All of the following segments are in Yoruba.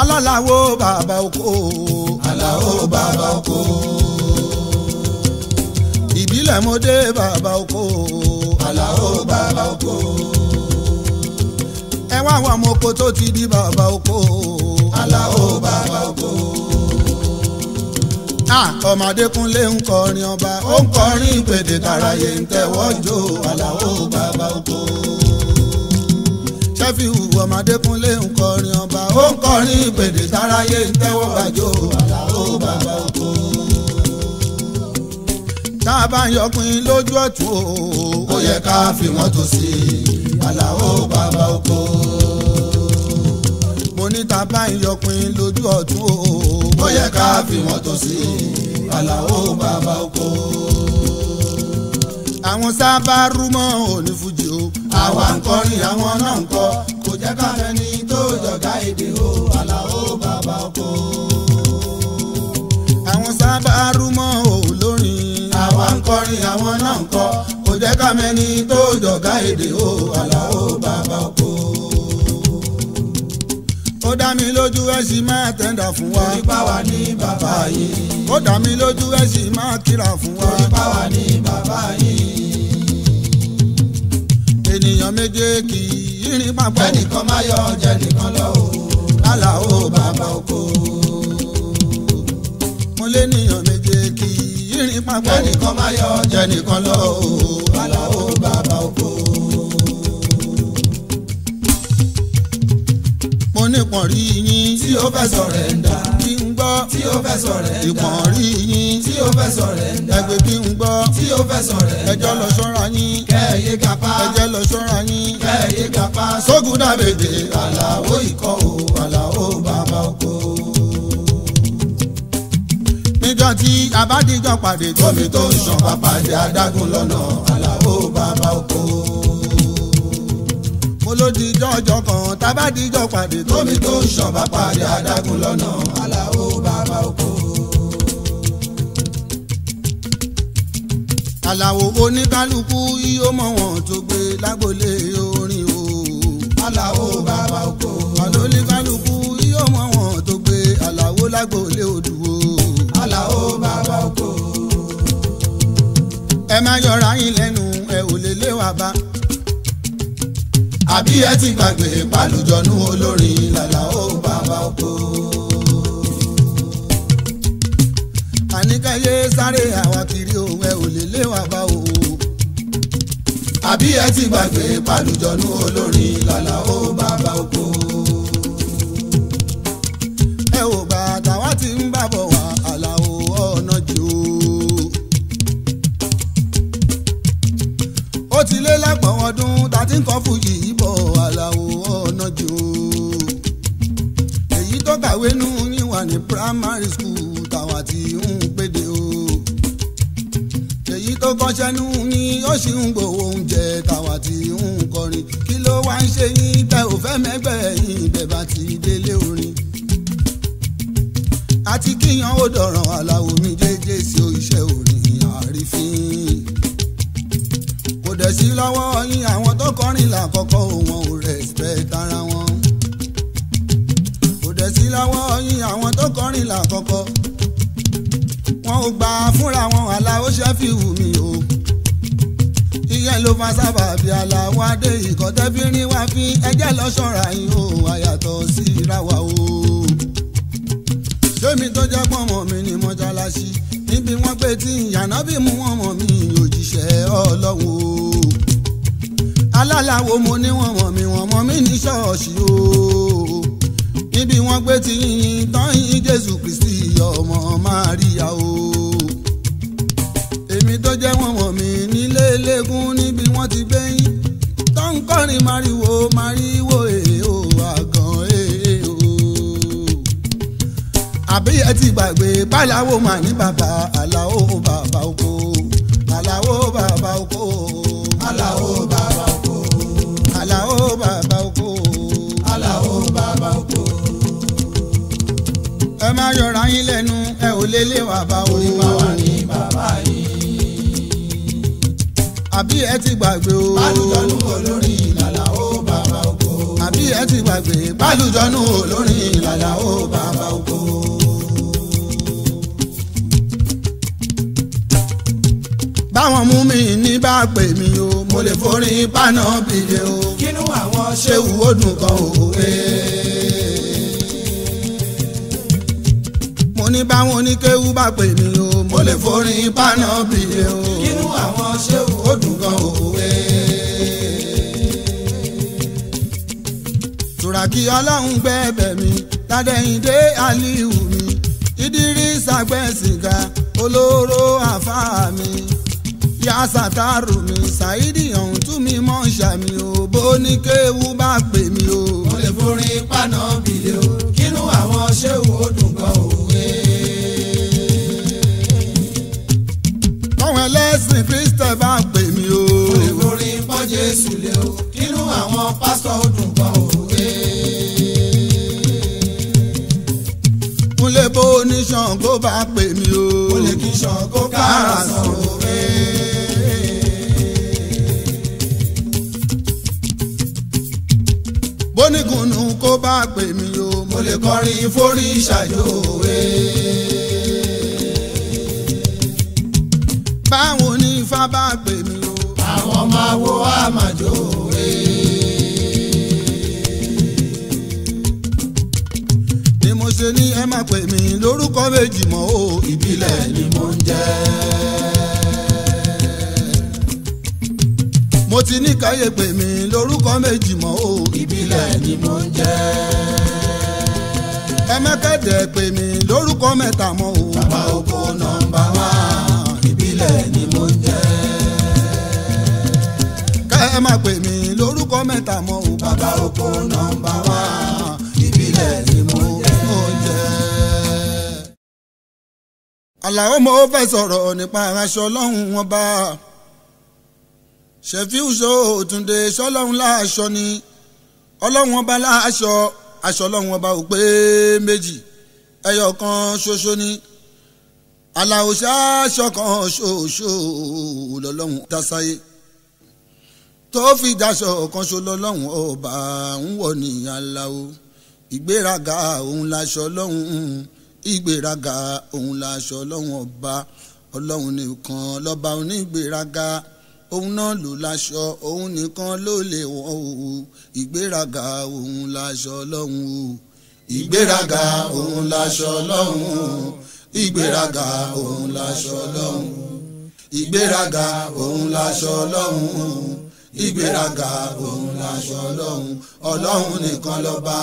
alálàwo bàbá oko. aláwo bàbá oko. ìbílẹ̀ mo dé bàbá oko. aláwo bàbá oko. ẹ àwọn ọmọ oko tó ti di bàbá oko. aláwo bàbá oko. ọmọ Adékúnlé ń kọrin ọba ó ń kọrin ìpèdè tàráyé ń tẹ́wọ́ jó aláwo bàbá oko ọmọdékúnlé ń kọrin ọba ó ń ìpèdè táráyé ń gbàjọ àlàó bàbá oko. tá a bá ń yọkùn lójú ọ̀tún o ó yẹ ká fi wọ́n tó sí àlàó bàbá oko. mo ní tá a bá ń yọkùn lójú ọ̀tún o ó yẹ ká fi wọ́n tó sí àlàó bàbá oko. àwọn sábà rúmọ́ òní fújì o àwa ń kọrin àwọn náà ń kọ kò jẹ́ ká mẹ́ni tó jọ̀gá èdè o Àlàó bàbá oko. àwọn sábà rúmọ́ olórin. àwa ń kọrin àwọn náà ń kọ kò jẹ́ ká mẹ́ni tó jọ̀gá èdè o Àlàó bàbá oko. ó dá mi lójú ẹ sì máa tẹ́ndà fún wa. orípa wa ní bàbá yìí. ó dá mi lójú ẹ máa kíra fún wa. orípa wa ní bàbá yìí ènìyàn méje kì í rìn papọ̀. ẹnìkan má yọ ọjà nìkan lọ o lálà ó bàbá oko. mo lé ènìyàn méje kì í rìn papọ̀. ẹnìkan má yọ ọjà nìkan lọ o lálà ó bàbá oko. mo ní pọ̀nrí yín tí ó fẹ́ sọ̀rẹ̀ ń dá gbọ́. tí o fẹ́ sọ rẹ̀ ń dá. ìpọ̀n rí yín. tí o fẹ́ sọ rẹ̀ ń dá. ẹgbẹ́ bí ń gbọ́. tí o fẹ́ sọ rẹ̀ ń dá. ẹjọ́ lọ ṣọ́ra yín. kẹ́ẹ̀yé kápá. ẹjẹ́ lọ ṣọ́ra yín. kẹ́ẹ̀yé kápá. sógun dàbèdè. àlàó ikọ̀ o àlàó bàbá oko. níjọ́ tí abádìjọ́ pàdé. tómi tó ń ṣàn pàpàdé adágún lọ́nà àlàó bàbá oko mo ló dijọ́ ọjọ́ kan tábà dijọ́ pàdé tómi tó ń ṣàn bá pàdé adágún lọ́nà aláwo bàbá oko. aláwo oníkálukú yíyó mọ̀ wọ́n tó gbé lágbolé orin o. aláwo bàbá oko. àlọ́ oníkálukú yíyó mọ̀ wọ́n tó gbé aláwo lágbolé odò o. aláwo bàbá oko. ẹ má yọra yín lẹ́nu ẹ ò lè lé wa bá àbí ẹ ti gbàgbé pálùjọ́nú olórin làlà ó bàbá oko. àníkàyé sáré àwa kiri òun ẹ ò lè lé wa bá o. àbí ẹ ti gbàgbé pálùjọ́nú olórin làlà ó bàbá oko. ẹ ò gbà tàwa ti ń bàbọ̀ wá àlàó ọ̀nà jù ó. ti lé lágbọ̀n ọdún tí ń kọ́ fújì yìí bọ̀ Àlàó Ọ̀nàjò. èyí tó kàwé nù yín wà ní primary school tàwa ti ń péde o. èyí tó kọ́ṣẹ́ nù yín ó sì ń gbowó oúnjẹ tàwa ti ń kọrin. kí ló wá ń ṣe yín tẹ ò mẹ́gbẹ́ yín bẹ́ẹ̀ ti délé orin. àti kíyan ó dọ̀ràn Àlàó mi jẹ́jẹ́ sí iṣẹ́ orin àrífín bẹ̀rẹ̀ sí lọ́wọ́ yín àwọn tó kọrin làkọ́kọ́ wọn ò respect ara wọn. kò dẹ̀ sí lọ́wọ́ yín àwọn tó kọrin làkọ́kọ́ wọn ò gbà fúnra wọn aláwọ̀ ṣẹ́ fi wù mí o. ìyẹn ló fa sábàbí aláwọ̀ adé ìkọ́tẹ́bìnrin wá fi ẹjẹ́ lọ ṣọ́ra yín o àyàtọ̀ sí ra wa o. sẹ́mi tó jẹ́ pọ́nmọ́ mi ni mọ́ṣáláṣí níbi wọ́n pé tí ìyànà bí mú wọn mọ̀ mí òjíṣẹ́ ọlọ́run o alálàwo mo ní wọn mọ̀ mí wọn mọ̀ mí ní ṣọ́ọ̀ṣì o níbi wọ́n pé tí tán yín Jésù Kristi ọmọ Máríà o èmi tó jẹ́ wọn mọ̀ mí nílé eléégún níbi wọ́n ti gbẹ́yìn tó ń kọrin màrìwò màrìwò èyí. E. àbí ẹ ti gbàgbé báláwo mà ní bàbá aláwo bàbá oko aláwo bàbá oko aláwo bàbá oko aláwo bàbá oko aláwo bàbá oko. ẹ máa yọra yín lẹ́nu ẹ ò lè lé bàbá o. orí máa wà ní bàbá yìí. àbí ẹ ti gbàgbé o. bálùjọ́nù olórí ìlàlá o bàbá oko. àbí ẹ ti gbàgbé bálùjọ́nù olórí ìlàlá o bàbá oko. báwọn mú mi ní bá pè mí o mo lè forin paná bìlẹ̀ o kínú àwọn ṣéwù ó dùn kan òwe. mo ní báwọn oníkéwú bá pè mí o mo lè forin paná bìlẹ̀ o kínú àwọn ṣéwù ó dùn kan òwe. tùràkì ọlọ́run gbẹ́bẹ̀ mi ládẹ́yìndé aliu mi Idris agbẹ́sìnká olóró àfáà mi yá sàtàrù mi ṣáídì ọ̀hún tú mi mọ́ ṣàmì ò bó ní kéwu bá pè mí o. mo lè forin paná bìlẹ̀ o kínú àwọn ṣéwù ó dùn gan òwe. Eh. tọ́wọ́n ẹlẹ́sìn kristẹ bá pè mí o. mo lè forin pọ́ jésù lé o kínú àwọn pásítọ̀ ó dùn gan òwe. kúnlẹ̀ bó ní Ṣàngó bá pè mí o. mo lè kí Ṣàngó kára sọ̀rọ̀ bóníkùnú kó bá pè mí o. mo lè kọrin forí ṣàjòwe. báwo ni ifá bá pè mí o. àwọn máa wo àmàjòwe. mo ṣe ní ẹ má pè mí lórúkọ méjì mọ́ o ìbílẹ̀ ni mo ń jẹ́. mo ti ní káyé pè mí lórúkọ méjì mọ́ o ìbílẹ̀ ni mo ń jẹ́. ẹ mẹ́kẹ́dẹ̀ pè mí lórúkọ mẹ́ta mọ́ o. bàbá oko nọ́mbà wá ìbílẹ̀ ni mo ń jẹ́. ká ẹ má pè mí lórúkọ mẹ́ta mọ́ o. bàbá oko nọ́mbà wá. Àlàó mo fẹ́ sọ̀rọ̀ nípa aṣọ ọlọ́run wọn bá ṣèfíù ṣó òtúndé ṣọlọ́run láàṣọ ni ọlọ́run ọba láàṣọ aṣọ ọlọ́run ọba ò pé méjì ẹyọ kan ṣoṣo ni Àlàó ṣáṣọ kan ṣoṣo lọ́lọ́run dásáyé tó fi daṣọ kan ṣo lọ́lọ́run ọba ń wọ̀ ní Àlàó ìgbéraga òun láṣọ ọlọ́run ìgbéraga òun láṣọ ọlọ́run ọba ọlọ́run nìkan lọ́ba onígbéraga òun náà ló láṣọ òun nìkan ló lè wọ̀ o ìgbéraga òun láṣọ ọlọ́run o ìgbéraga òun láṣọ ọlọ́run o ìgbéraga òun láṣọ ọlọ́run o ìgbéraga òun láṣọ ọlọ́run o ìgbéraga òun láṣọ ọlọ́run ọlọ́run nìkan lọ́ba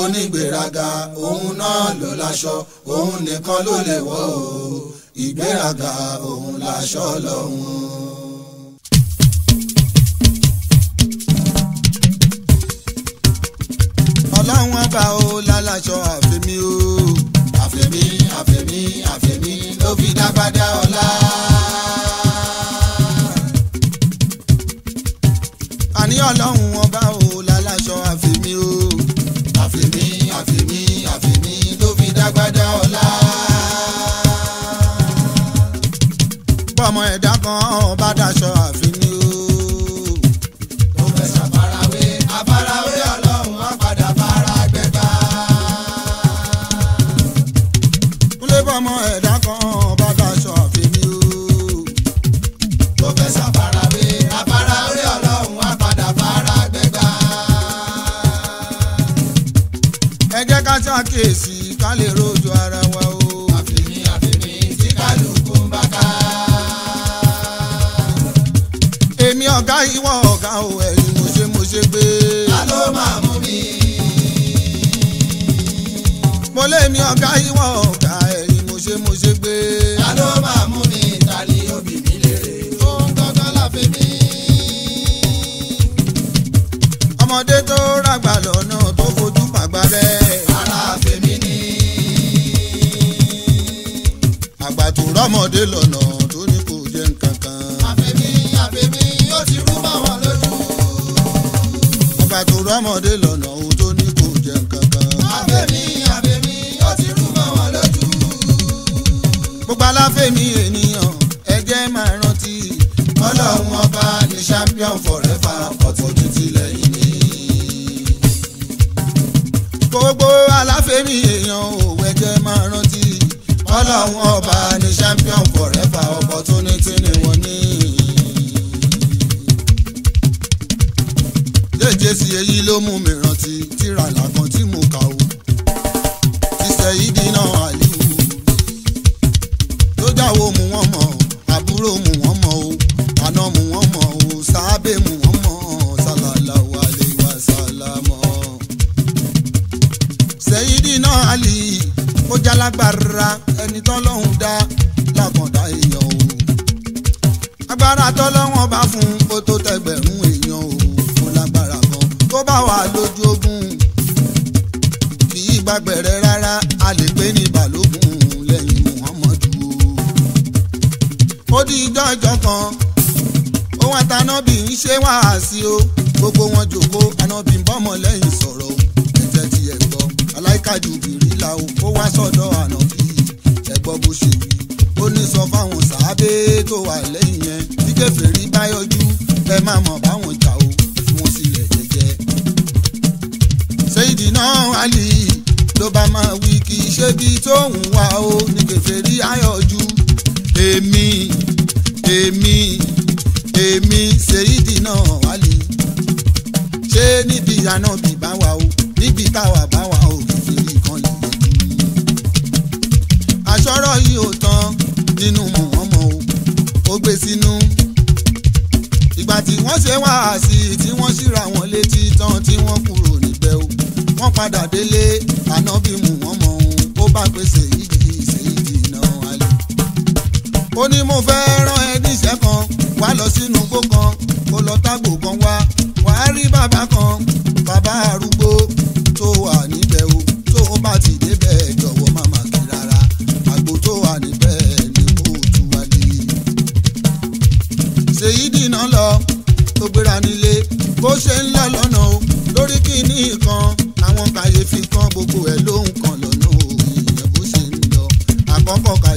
onígbéraga òun náà ló láṣọ òun nìkan ló lè wọ̀ o ìgbéraga òun láṣọ ọlọ́run. ọlọ́run ọba o lálàṣọ àfẹ́mi o. àfẹ́mi àfẹ́mi àfẹ́mi ló fi dábàdà ọlá. ọlọ́run ọba ò láláṣọ àfẹ́mi o. àfẹ́mi àfẹ́mi àfẹ́mi tó fi dágbádá ọlá. bọ́mọ ẹ̀dá kan ọba. ká ṣàkíyèsí ká lè rojú ara wa o. àfìmí àfìmí tí kálukú ń bá ká. èmi ọ̀gá ìwọ ọ̀gá o ẹ̀yìn mo ṣe mo ṣe gbé. ta ló máa mú mi. mo lé mi ọ̀gá ìwọ ọ̀gá. lọ́mọdé lọ́nà ọba ni champion forever opportunity ni wọ́n ní. jẹ́jẹ́ sí èyí ló mú mi rántí tíra làkan tí mo kà ṣe bí tóun wà ó ní kèfèrí ayọ̀jú èmi èmi èmi ṣèyídì náà wálé ṣé níbi ìyànà bìbá wa o níbi táwa bá wa o kèfèrí kan yìí. àṣọ́rọ̀ yìí ò tán nínú mọ̀ọ́mọ́ o ó gbé sínú ìgbà tí wọ́n ṣe wáàsí tí wọ́n ṣíra wọn létí tán tí wọ́n kúrò níbẹ̀ o wọ́n padà délé ànábì mú wọn mọ́ bá pèsè ìjì sí ìdìnà àlè. ó ní mo fẹ́ rán ẹ níṣẹ́ kan wá lọ sínú igbó kan kó lọ tágbò kan wá wá rí bàbá kan bàbá arúgbó tó wà níbẹ̀ o tó bá ti débẹ̀ jọ̀wọ́ má má kí rárá àgbò tó wà níbẹ̀ ni ó tú wá dé. ṣèyí dìnnà lọ tó gbéra nílé bó ṣe ń lọ lọ́nà o lórí kíní kan àwọn kàyéfì kan gbogbo ẹ̀ poco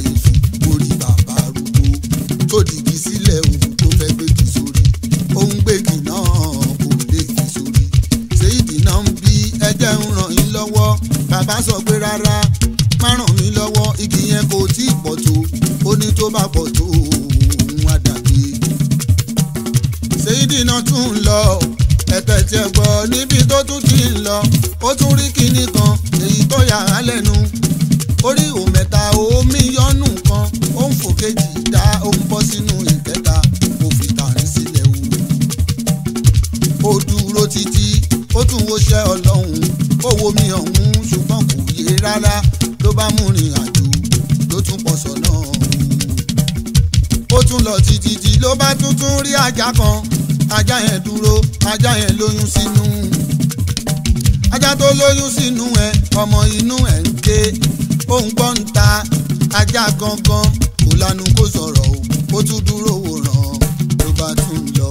níyà kankan kò lanu kó sọ̀rọ̀ o kó tún dúró wòran ló bá tún lọ.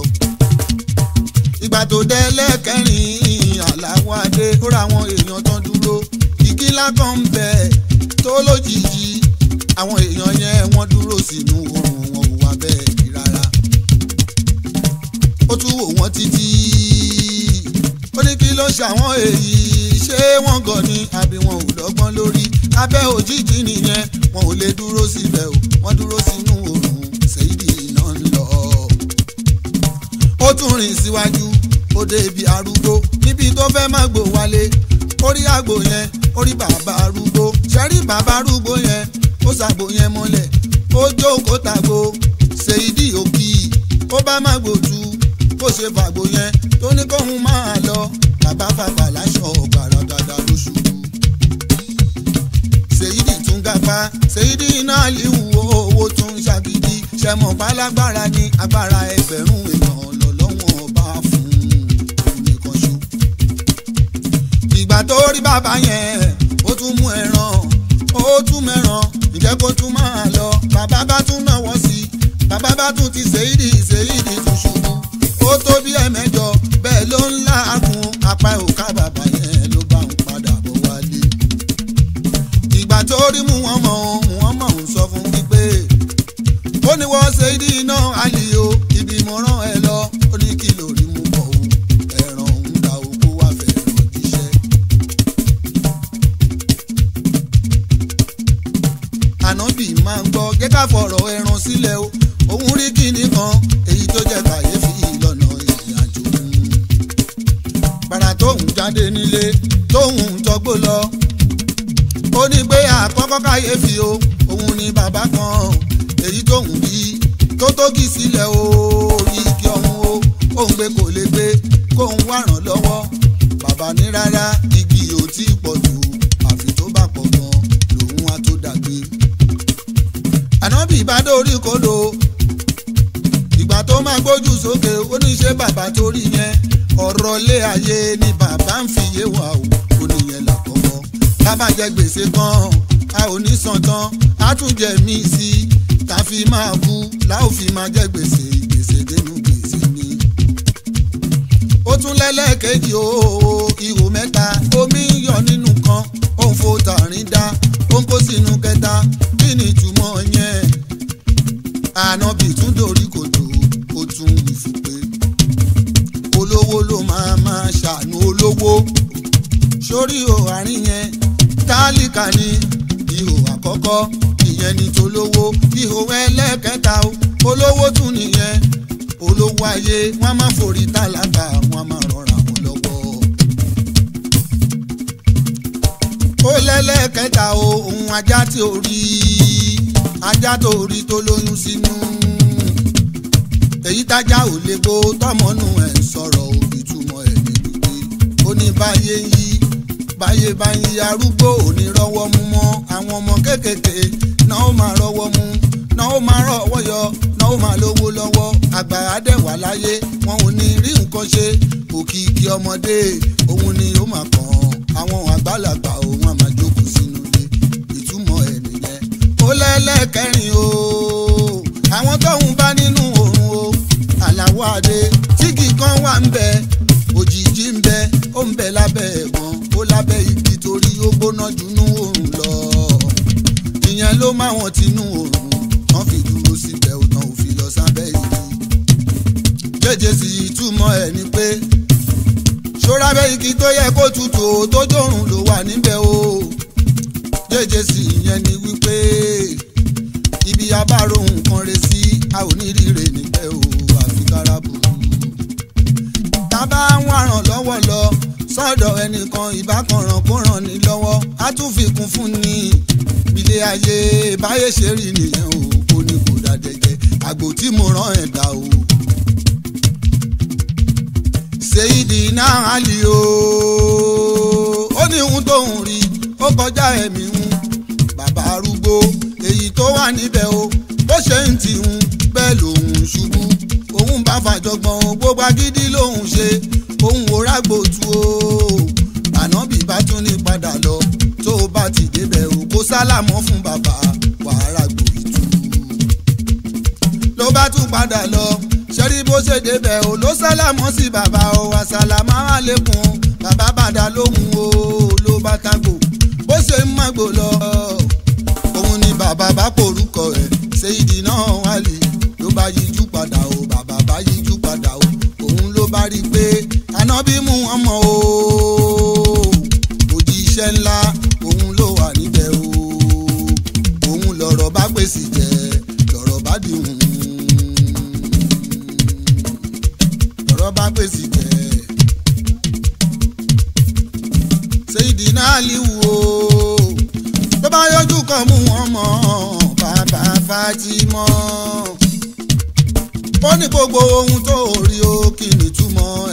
ìgbà tó dé lẹ́kẹ̀rin àláwádé ó ra àwọn èèyàn tán dúró ìkílá kan ń bẹ tó lójijì àwọn èèyàn yẹn wọ́n dúró sínú oorun wọn ò wá bẹ́ẹ̀ rí rárá. ó tún wò wọ́n títí ó ní kí ló ṣàwọn èyí ṣé wọ́n gọ̀ ni àbí wọn ò lọ́gbọ́n lórí abẹ́ òjijì nìyẹn wọn ò lè dúró síbẹ̀ o wọ́n dúró sínú òòrùn ṣèyídì iná ń lọ. ó tún rìn síwájú ó dé ibi arúgbó níbi tó fẹ́ má gbò wálé orí àgbò yẹn orí bàbá arúgbó ṣẹ́rí bàbá arúgbó yẹn ó ṣàgbò yẹn mọ́lẹ̀ ó jókòó tàgbò ṣèyídì òkì ó bá má gbòjú bó ṣe fàgbò yẹn tó ní kóhun máa lọ bàbá fàfà láṣọ ọ̀gbàrà. wa ṣèyídì náà líwu owó tún ṣàgídí ṣẹmọ pálágbára ní agbára ẹgbẹ̀rún èèyàn lọ́lọ́wọ́n ọba fún nìkan ṣu. ìgbà tó rí bàbá yẹn ó tún mú ẹran ó tún mẹ́ran ǹjẹ́ kó tún máa lọ bàbá bá tún náà. pé bàbá torí yẹn ọ̀rọ̀ lé ayé ni bàbá ń fi yé wa o kò nìyẹn làkọ́kọ́ bàbá jẹ gbèsè kan a ò ní san tán a tún jẹ mí sí i tá a fi máa bú láò fi máa jẹ gbèsè gbèsè dénú gbèsè ni. ó tún lẹ́lẹ́kejì o ihò mẹ́ta omi ń yọ nínú kan ó ń fo tàrín dá ó ń kó sínú kẹta kí ni ìtumọ̀ yẹn ànábì tún dorí kòtò o tún wí fún pé olówó ló máa máa ṣàánú olówó sórí o àárín yẹn tálíkà ni ihò àkọ́kọ́ ìyẹn ni tolówó ihò ẹlẹ́kẹta o olówó tún nìyẹn olówó ayé wọ́n máa forí tálákà wọ́n máa rọra wọn lọ́wọ́. ó lẹ́lẹ́kẹta o òun ajá tí ò rí ajá tó rí tó lóyún sínú. Si èyí tájà ò lè bo tọmọnù ẹ̀ ń sọ̀rọ̀ òbí túmọ̀ ẹ̀ ní dùgbé ó ní báyé ń yí báyé bá ń yí arúgbó ò ní rọ́wọ́ mú mọ́ àwọn ọmọ kéékèèké náà ó máa rọ́wọ́ mú náà ó máa rọ́wọ́ yọ náà ó máa lówó lọ́wọ́ àgbà àdẹ̀wà láyé wọn ò ní rí nǹkan ṣe òkìkí ọmọdé òun ni ó máa kàn àwọn àgbàlagbà òun àmà jókòó sínú ilé ìtumọ̀ ẹ̀ nìyẹn ó lẹ́lẹ́kẹrin o àwọn tóun bá nínú wá dé tíkì kan wà ń bẹ òjìji ń bẹ ó ń bẹ lábẹ́ ẹ̀gbọ́n ó lábẹ́ igi torí ó gbóná junú òrùn lọ ìyẹn ló má wọn tinú òrùn wọn fi dúró síbẹ̀ ó tán òfin lọ sábẹ́ igi jẹjẹ sì ìtumọ̀ ẹ̀ ni pé ṣọ́ra igi tó yẹ kó tutù tó dòrùn ló wà níbẹ̀ o jẹjẹ sì ìyẹn ni wípé ibi abárò nǹkan re sí a ò ní ríre níbẹ̀ o karabu. tábà wọn ràn lọ́wọ́ lọ sọ́dọ̀ ẹnìkan ìbákan ràn kó ràn ní lọ́wọ́ á tún fi kún fún ni ilé ayé báyé ṣe rí nìyẹn o kò ní kò dàdẹ̀jẹ̀ àgbò tí mo rán ẹ̀ dà o. ṣèyídì náà á lì o ó ní ohun tóun rí ó kọjá ẹ̀mí hun bàbá arúgbó èyí tó wà níbẹ̀ o bó ṣe ń tì hun fàjọgbọ̀n gbogbo agídí lòun ṣe òun ò rágbòtú o ànábì bá tún ní padà lọ tó o bá ti débẹ̀ o kó sálámọ́ fún bàbá wàá rágbò ìtú. ló bá tún padà lọ ṣẹ́rí bó ṣe débẹ̀ o ló sálámọ́ sí bàbá o àsàlámà àlékún bàbá bàdà lóhùn o ló bá tàgò bó ṣe ń màgbò lọ òun ni bàbá bá porúkọ ẹ̀ ṣe ìdì náà. ànábì Muhammad o òjíṣẹ́ ńlá òun ló wà níbẹ̀ o òun lọ̀rọ̀ bá gbèsè jẹ lọ̀rọ̀ bá di hùn lọ̀rọ̀ bá gbèsè jẹ Sayyidina Ali wo tó bá yọjú kan Muhammad bàbá Fatima ó ní gbogbo ohun tó rí ó kí ni túmọ̀ ẹ̀.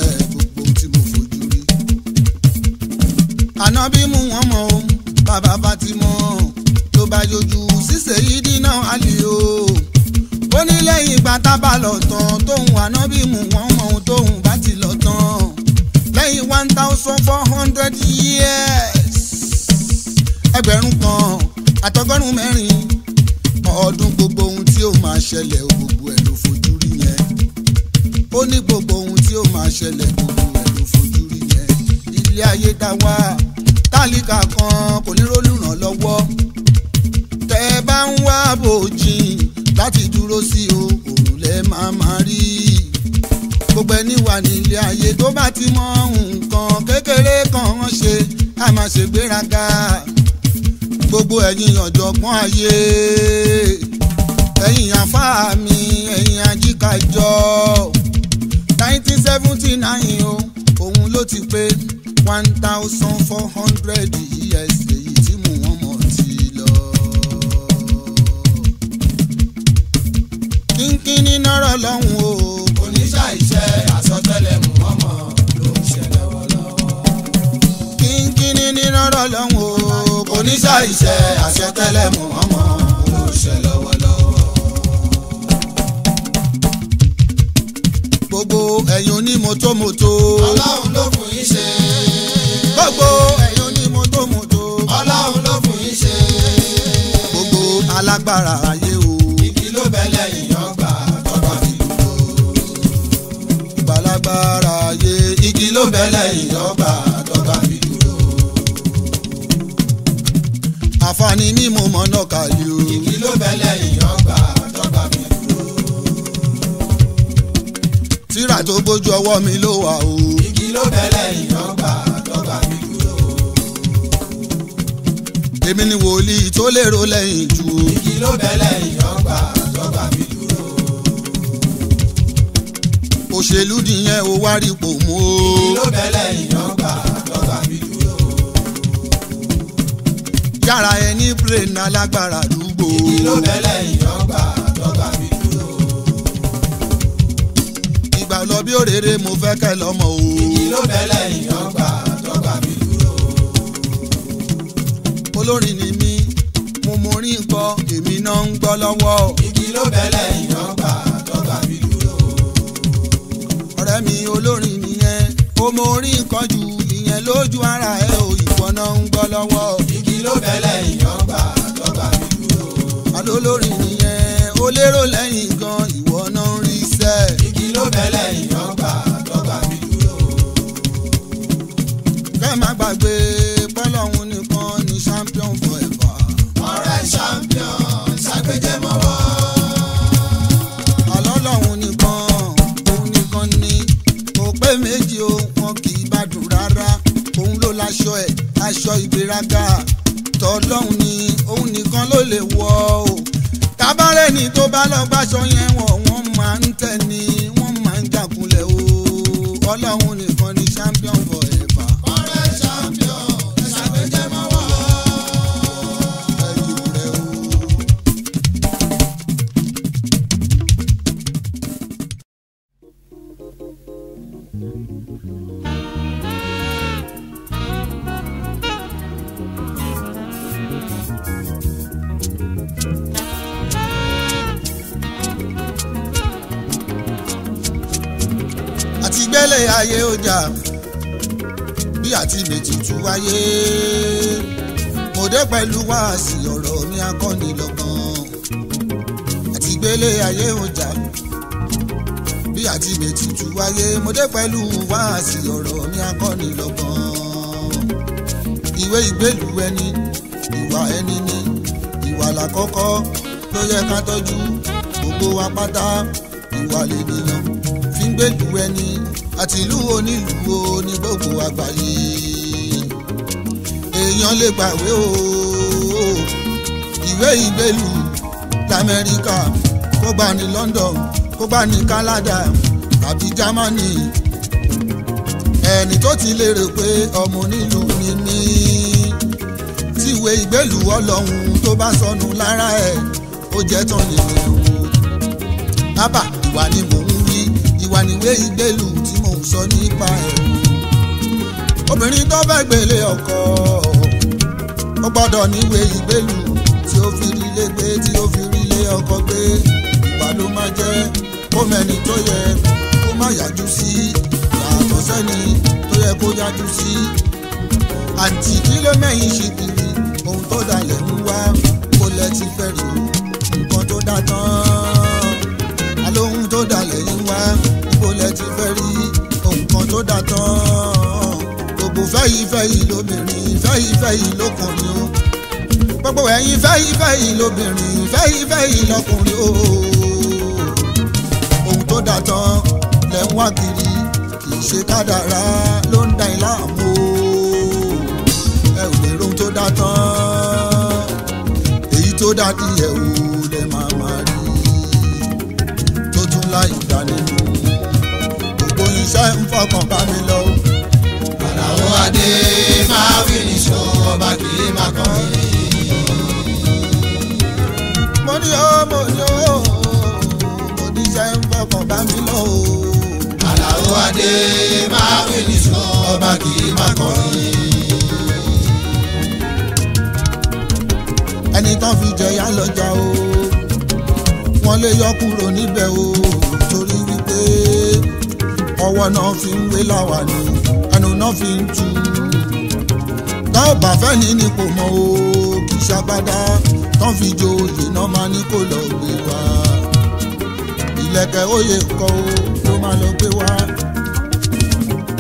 ànábì mú wọn mọ́ o bàbá fatimọ́ tó bá yọjú ṣíṣe yìí dínà àlè o ó ní lẹ́yìn ìgbà tábà lọ tán tóun mú wọn mọ́ o tóun bá ti lọ tán one thousand four hundred years ẹgbẹ̀rún kan àtọgọ́rùn-ún ọdún gbogbo ohun tí ó máa ṣẹlẹ̀ gbogbo ẹ̀ ló fojú rí yẹn ó ní gbogbo ohun tí ó máa ṣẹlẹ̀ gbogbo ẹ̀ ló fojú rí yẹn ilé ayé dá wá tálíkà kan kò ní rólù ràn lọ́wọ́ tẹ́ bá ń wá bòjìn láti dúró sí o òun lẹ máa máa rí gbogbo ẹni wà nílé ayé tó bá ti mọ nǹkan kékeré kan ṣe a máa ṣègbéraga gbogbo ẹ̀yin ọ̀jọ̀gbọ́n ayé ẹ̀yin àfáà mi ẹ̀yin ajíkàjọ nineteen seventy nine o òun ló ti pé one thousand four hundred years èyí tí mò wọ́n mọ̀ ti lọ. kínkín ní nọ́rọ̀ lọ́hùn o. oníṣà iṣẹ́ àsọtẹ́lẹ̀ mò wọ́n mọ̀ ló ń ṣe lọ́wọ́lọ́wọ́. kínkín ní nọ́rọ̀ lọ́hùn o. oníṣà iṣẹ́ àsọtẹ́lẹ̀ mò wọ́n mọ̀ ló gbogbo ẹ̀yin onímọ̀tòmọ̀tò. ọlọ́run ló fún yín ṣe gbogbo ẹ̀yin onímọ̀tòmọ̀tò. ọlọ́run ló fún yín ṣe. gbogbo alágbára ayé o. igi ló bẹ̀lẹ̀ èèyàn gbà tọ́gbà fi lùkọ́. gbalagbára ayé igi ló bẹ̀lẹ̀ èèyàn gbà tọ́gbà fi lùkọ́. àfààní mímu mọ́nà kàlí o. igi ló bẹ̀lẹ̀ èèyàn tíra tó bójú ọwọ́ mi ló wà o. igi ló bẹ̀lẹ̀ èèyàn èmi ni wòlíì tó lérò lẹ́yìn jù. igi ló bẹ̀lẹ̀ ìjọba ìjọba mi dúró. òṣèlú nìyẹn ó wá rí pò mú o. igi ló bẹ̀lẹ̀ ìjọba ìjọba mi dúró. yàrá ẹni brain alágbára dúgbò. igi ló bẹ̀lẹ̀ ìjọba ìjọba mi dúró. ìgbà lọ bí òrèrè mo fẹ́ kẹ́ lọ́mọ o. igi ló bẹ̀lẹ̀ ìjọba. olórin ni mí mo morin kọ èmi náà ń gbọ́ lọ́wọ́. igi ló bẹ̀lẹ̀ ìyàngbà tọ́gbà mi dúró. ọ̀rẹ́ mi olórin nìyẹn ó morin kọ jù ìyẹn lójú ara ẹ ò ìwọ náà ń gbọ́ lọ́wọ́. igi ló bẹ̀lẹ̀ ìyàngbà tọ́gbà mi dúró. alólórin nìyẹn ó lérò lẹ́yìn gan ìwọ náà ń rí sẹ́. igi ló bẹ̀lẹ̀ ìyàngbà tọ́gbà mi dúró. kẹ́ ẹ má gbàgbé àgàgà tọ́lọ́hún ni òun nìkan ló lè wọ̀ ọ́ tábàárẹ̀ ni tó bá lọ́ọ́ gbàṣọ yẹn wọ̀ mo dé pẹ̀lú wáàsí ọ̀rọ̀ mi akọ́ni lọ́gbọ́n. ìwé ìgbélú ẹni ìwà ẹni ni ìwà làkọ́kọ́ ló yẹ ká tọ́jú gbogbo wa pátá ìwà lènìyàn fi ń gbélú ẹni àtìlú onílùú ní gbogbo àgbáyé. èèyàn lè gbàwé o ìwé ìgbélú lamẹ́ríkà kó gbà London kó gbà Canada tàbí Jámánì ẹni tó ti lérò pé ọmọ mi, ni mí tíwèé ìgbélú ọlọ́run tó bá sọnù lára ẹ̀ ó jẹ́ tán nìyẹn o bàbá ìwà ni mò ń wí ìwà níwé ìgbélú tí mò ń sọ nípa ẹ̀ obìnrin tó fẹ́ gbélé ọkọ ó gbọ́dọ̀ níwé ìgbélú tí ó fi rílé gbé tí ó fi rílé ọkọ gbé ìwà ló máa jẹ́ kó mẹ́ni tó yẹ má yájú sí yàtọ̀ sẹ́ni tó yẹ kó yájú sí àǹtí kí ló mẹ́yìn ṣe kiri ohun tó dalẹ̀ ń wá kó lẹ ti fẹ́ rí nǹkan tó dá tán alóhun tó dalẹ̀ ń wá kó lẹ ti fẹ́ rí nǹkan tó dá tán gbogbo fẹ́yìí fẹ́yìí lóbìnrin fẹ́yìí fẹ́yìí lọ́kùnrin o gbogbo ẹ̀yin fẹ́yìí fẹ́yìí lóbìnrin fẹ́yìí fẹ́yìí lọ́kùnrin o ohun tó dá tán lẹ̀ ń wá kiri kì í ṣe kádàrá ló ń da ìlàmú ẹ ò lè rohun tó dá tán èyí tó dá díẹ̀ o lẹ máa máa rí tó tún láì dá nínú gbogbo iṣẹ́ ń fọkàn bá mi lọ. àlàó adé máa wí nìṣó ọba kì í máa kàn mí. mo ní ó mo mo ní iṣẹ́ ń fọkàn bá mi lọ adé máa wí ní sọ ọba kì í má kọrin. ẹni tán fi jẹyà lọ́jà o wọ́n lè yọ kúrò níbẹ̀ o torí wípé ọwọ́ náà fi ń wé láwa ni ẹnu náà fi ń tu. tá ò bá fẹ́ ni kò mọ o kì í ṣàgbádá tán fi joyè náà máa ní kó lọ gbé wa ìlẹ̀kẹ̀ òye kọ́ o náà ló gbé wá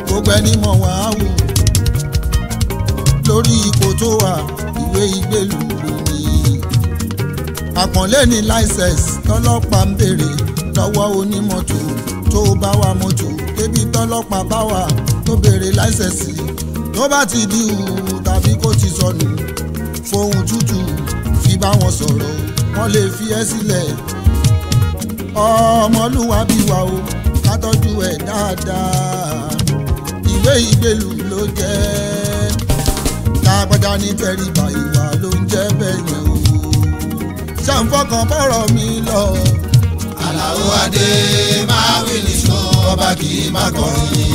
gbogbo ẹni mọ̀ wá wù lórí ipò tó wà ìwé ìgbélú lónìí àpọ̀nlé ní láìsẹ̀sì tọ́lọ́pàá ń béèrè lọ́wọ́ onímọ́tò tó bá wa mọ́tò débi tọ́lọ́pàá bá wà tó béèrè láìsẹ̀sì tó bá ti di hù tàbí kó ti sọnù fohùn tútù fi bá wọn sọ̀rọ̀ wọ́n lè fi ẹ́ sílẹ̀ ọmọlúwàbí wa o ká tọ́jú ẹ̀ dáadáa ìwé ìgbélú ló jẹ́ lágbájá ní tẹríba ìwà ló ń jẹ́ bẹ́ẹ̀ yẹn o ṣàǹfọ̀kàn bọ̀rọ̀ mi lọ. Àlàó Adé máa wí nìṣó ọba kì í má kọrin.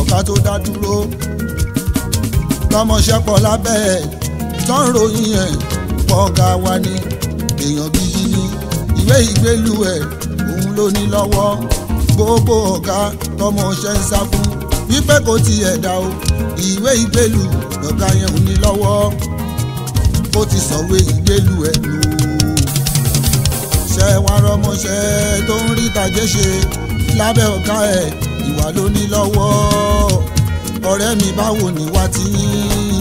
ọ̀gá tó dá dúró tọmọṣẹ́ pọ̀ lábẹ́ ẹ̀ tán ròyìn ẹ̀ pọ̀ ga wa ni èèyàn bíi ìwé ìgbélu ẹ̀ òun ló ní lọ́wọ́ gbogbo ọ̀gá tọmọ ṣe ń sá fún wípé kò ti ẹ̀dá o ìwé ìgbélu lọ́gá yẹn ò ní lọ́wọ́ ó ti sọ̀wé ìgbélu ẹ̀ lò ṣe wá rọmọṣẹ́ tó ń rí tàjẹ́ ṣe lábẹ́ ọ̀gá ẹ̀ ìwà ló ní lọ́wọ́ ọ̀rẹ́ mi báwo ni wá ti yín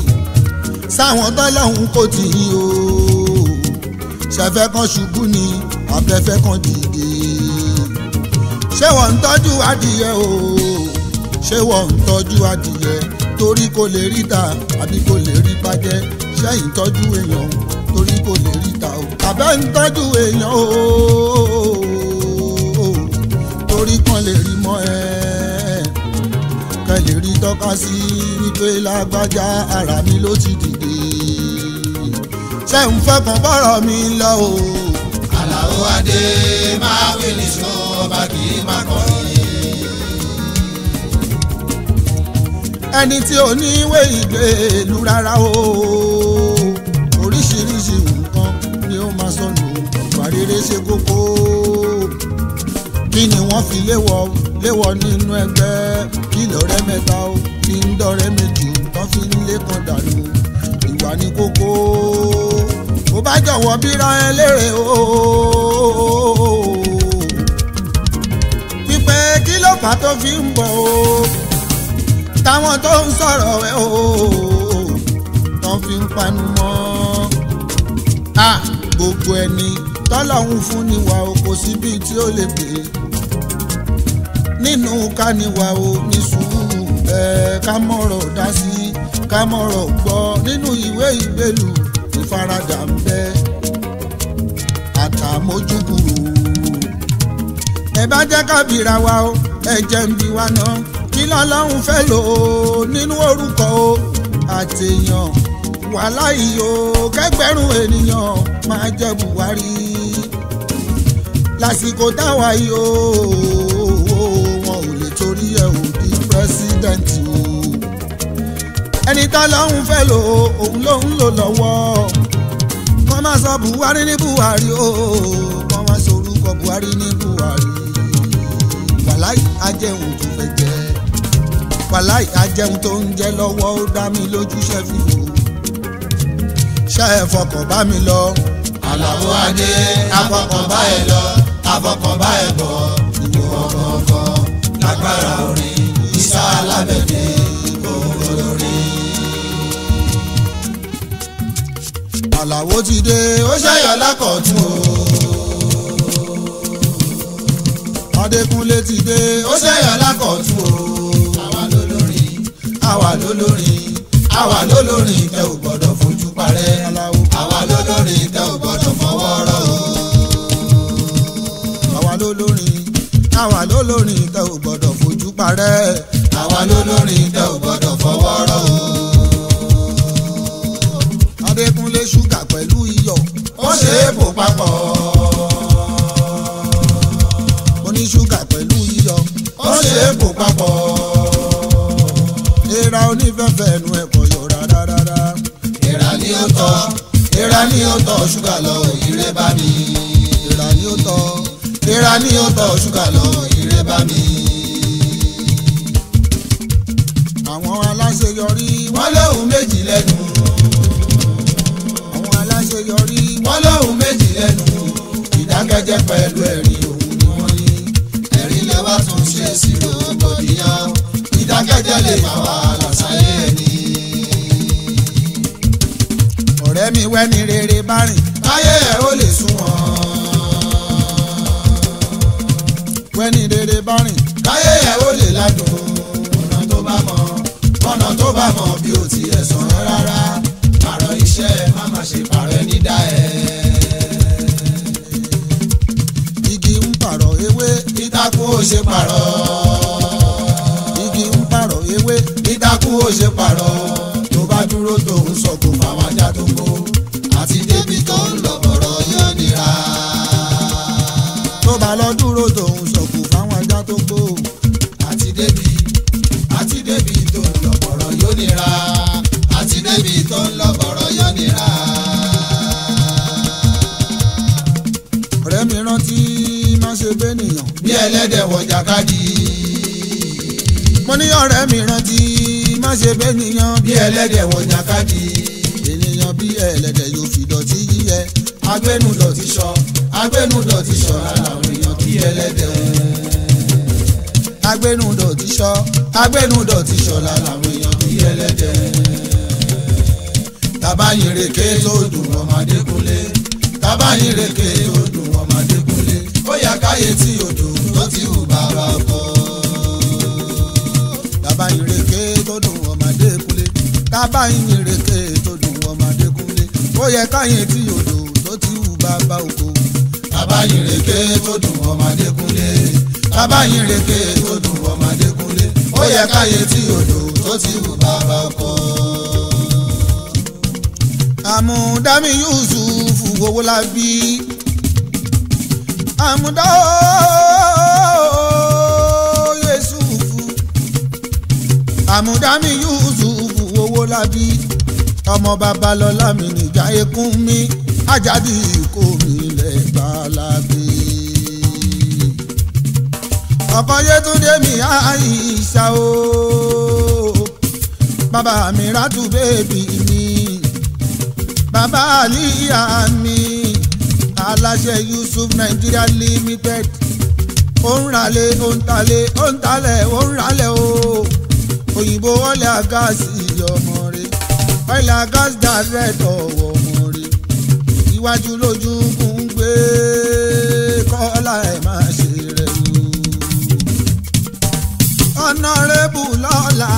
sáwọn tọ́lọ́hún kò tì yín o ṣẹ̀fẹ́ kan ṣubú ni afẹ́fẹ́ kan dìde ṣé wọ́n ń tọ́jú adìyẹ o ṣé wọ́n ń tọ́jú adìyẹ torí kò lè rí ta àbí kò lè rí bàjẹ́ ṣẹ́yìn tọ́jú èèyàn torí kò lè rí ta o àbẹ́ ń tọ́jú èèyàn o torí kan lè rí mọ́ ẹ kẹ́ lè rí tọ́ka sí wípé lágbájá ara mi ló ti dìde ṣé ń fẹ́ kàn bọ́rọ̀ mi lọ o ọ̀run adé máa wí nìṣó ọba kì í má kọrin. ẹni tí ò ní ìwé ìlú rárá o oríṣiríṣi nǹkan ni ó máa sọnù ọ̀gbà rere ṣe kókó kí ni wọ́n fi léwọ́ léwọ́ nínú ẹgbẹ́ kí lọ́rẹ́ mẹ́ta o kí ń dọ́rẹ́ méjì wọ́n fi ń lé kan dànù ìwà ní kókó ó bá jọ̀wọ́ bíra ẹ lérè ooo pípẹ́ kí ló fà tó fi ń bọ̀ ooo táwọn tó ń sọ̀rọ̀ ẹ ooo tó fi ń panu mọ́ a gbogbo ẹni tọ́lọ́hún fún ni wà o kò síbi tí ó lè gbé nínú ká ni wà o ní sùúrù ẹ ká mọ̀rọ̀ dá sí ká mọ̀rọ̀ gbọ́ nínú ìwé ìgbélùú ìfaradà ń bẹ àtàmójúkúrò ẹ bá jẹ́ ká bìíra wa o ẹ jẹ́ ń bi wa náà kí lọ́lọ́run fẹ́ lò ó nínú orúkọ o àtẹ̀yàn wà láìyò kẹgbẹ̀rún ènìyàn máa jẹ́ Buhari lásìkò táwa yìí o wọn ò lè torí ẹ ò di pírẹsidẹ́ǹtì o ẹni tá lọ́hún fẹ́ lò òun lòún lò lọ́wọ́ kọ́ máa sọ Buhari ní Buhari o kọ́ máa sọ orúkọ Buhari ní Buhari wàláì ajẹun tó fẹ́ jẹ wàláì ajẹun tó ń jẹ lọ́wọ́ ó dá mi lójú ṣẹ́fì o ṣe é fọkàn bá mi lọ. Àlàó Adé afọkànbá ẹ lọ afọkànbá ẹ bọ̀ ìwọ ọkọọkan lágbára orin. àlàó ti dé ó ṣàyọ̀ lákọ̀tún o. adékúnlé ti dé ó ṣàyọ̀ lákọ̀tún o. àwa lólórin àwa lólórin àwa lólórin tẹ ò gbọ́dọ̀ fojú parẹ́ àwa lólórin tẹ ò gbọ́dọ̀ fọwọ́ rọ́ o. àwa lólórin àwa lólórin tẹ ò gbọ́dọ̀ fojú parẹ́ àwa lólórin tẹ ò gbọ́dọ̀ fọwọ́ rọ́ o. papọ̀. oníṣúgà pẹ̀lú iyọ̀ ó ṣe é pò papọ̀. èèrà onífẹ́fẹ́ ẹnu ẹ̀kọ́ yọ rárára. èèrà ni ó tọ́ èèrà ni ó tọ́ ṣúgà lọ ìrẹ́ bá mi. èèrà ni ó tọ́ èèrà ni ó tọ́ ṣúgà lọ ìrẹ́ bá mi. àwọn aláṣeyọrí wọ́n lóhùn méjì lẹ́nu àṣeyọrí. wọ́n lóhùn méjì lẹ́nu ìdákẹ́jẹ́ pẹ̀lú ẹ̀rí òun ni wọ́n ní. ẹ̀rí lè wá tún ṣe sínú gbòdìyàn ìdákẹ́jẹ́ lè má wà lọ́sàáyé ẹni. ọ̀rẹ́ mi wẹ́ni rere bá rìn. táyé ẹ̀ ó lè sunwọ̀n. wẹ́ni rere bá rìn. táyé ẹ̀ ó lè ládùn ọ̀nà tó bá mọ̀ ọ̀nà tó bá mọ̀ bí ó tiẹ̀ sọ̀rọ̀ rárá ṣe pààrọ̀ nídà ẹ̀. igi ń pààrọ̀ ewé ìtàkù ó ṣe pààrọ̀. igi ń pààrọ̀ ewé ìtàkù ó ṣe pààrọ̀. agbẹnu dọ̀tí ṣọ̀la làwọn èèyàn bí ẹlẹ́dẹ̀. tabayìnrèké tó dùn ọmọdé kúnlé tabayìnrèké tó dùn ọmọdé kúnlé ó yà káyé tí odò tó ti hù bàbá bọ̀. tabayìnrèké tó dùn ọmọdé kúnlé tabayìnrèké tó dùn ọmọdé kúnlé ó yẹ káyé tí odò tó ti hù bàbá oko. tabayìnrèké tó dùn ọmọdé kúnlé tabayìnrèké tó dùn ọmọdé kúnlé ó yẹ káyé tí odò tó ti wù bàbá kó. àmúdámi Yusuf owó la bí àmúdá Yusuf àmúdámi Yusuf owó la bí ọmọ babalọlá mi nìjà ekún mi Àjàdí ikú mi lẹ́gbàá ọkọ yétúndé mi àìṣà o bàbá mi rátù bèbí mi bàbá àlìyá mi aláṣẹ Yusuf Nigeria Limited ó ń ralé ó ń talé ó ń talẹ̀ ó ń ralẹ̀ o òyìnbó wọlé àgáàsì ọmọ rẹ wọlé àgáàsì dàrẹ́ tọ̀wọ̀ ọmọ rẹ iwájú lójú kún gbé. ọ̀nàrẹ́bù lọ́la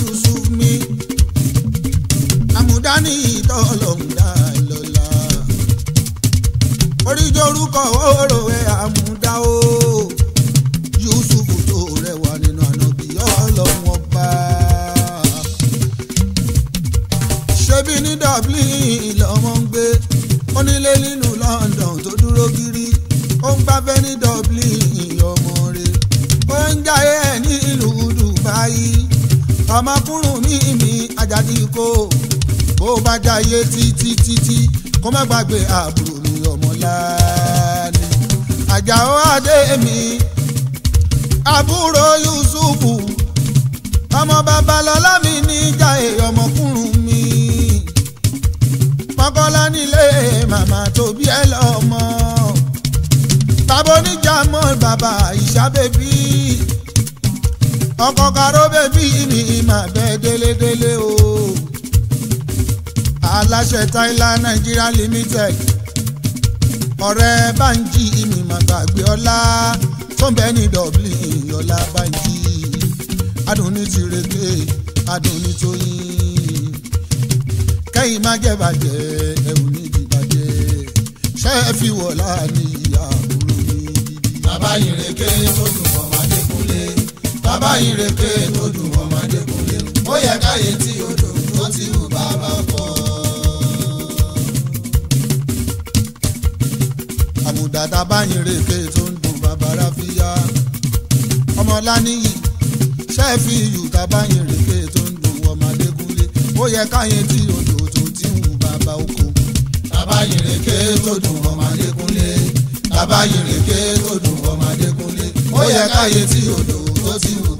Yusuf mi àmúdání ìtọ́lọ́mùdá lọ́la oríjọ orúkọ òòrò ẹ̀ àmúdá o. láyé títí títí kó má gbàgbé àbúrò mi ọmọ láàánú. àjàó adé mi àbúrò yusufu ọmọ babalọ́lá mi níjà èèyàn ọmọkùnrin mi mọ́kọ́lá nílé màmá tó bí ẹ lọ́mọ taboníjà mọ́ bàbá ìṣàbẹ̀bí ọkọ̀ karó bẹ̀bí mi mà bẹ́ délédélé aláṣẹ táìlà Nigeria limited ọ̀rẹ́ bàǹjì ìmìmọ̀ gbàgbé ọlá tó ń bẹ ní dublin ọlá bàǹjì adùnní tìrèké adùnní tóyìn kẹ́yìn má jẹ́ bàjẹ́ ẹ̀wù ní ìdìbàjẹ́ ṣé ẹ fi wọ̀lá ní ìyàwó ní ìdìbì. bàbá ìrèké tó dùn ọmọ adékúnlé bàbá ìrèké tó dùn ọmọ adékúnlé ó yẹ káyé tí ó dùn tó ti wù bàbá ọkọ. mùdàdà báyìí rèké tó ń dùn bàbá ráfíà ọmọláníyì ṣẹ́ẹ̀fì yùtà báyìí rèké tó ń dùn ọmọdékúnlé ó yẹ káyẹn tí odò tó ti wù bàbá oko. bàbá rèké tó dùn ọmọdékúnlé bàbá rèké tó dùn ọmọdékúnlé ó yẹ káyẹn tí odò tó ti wù.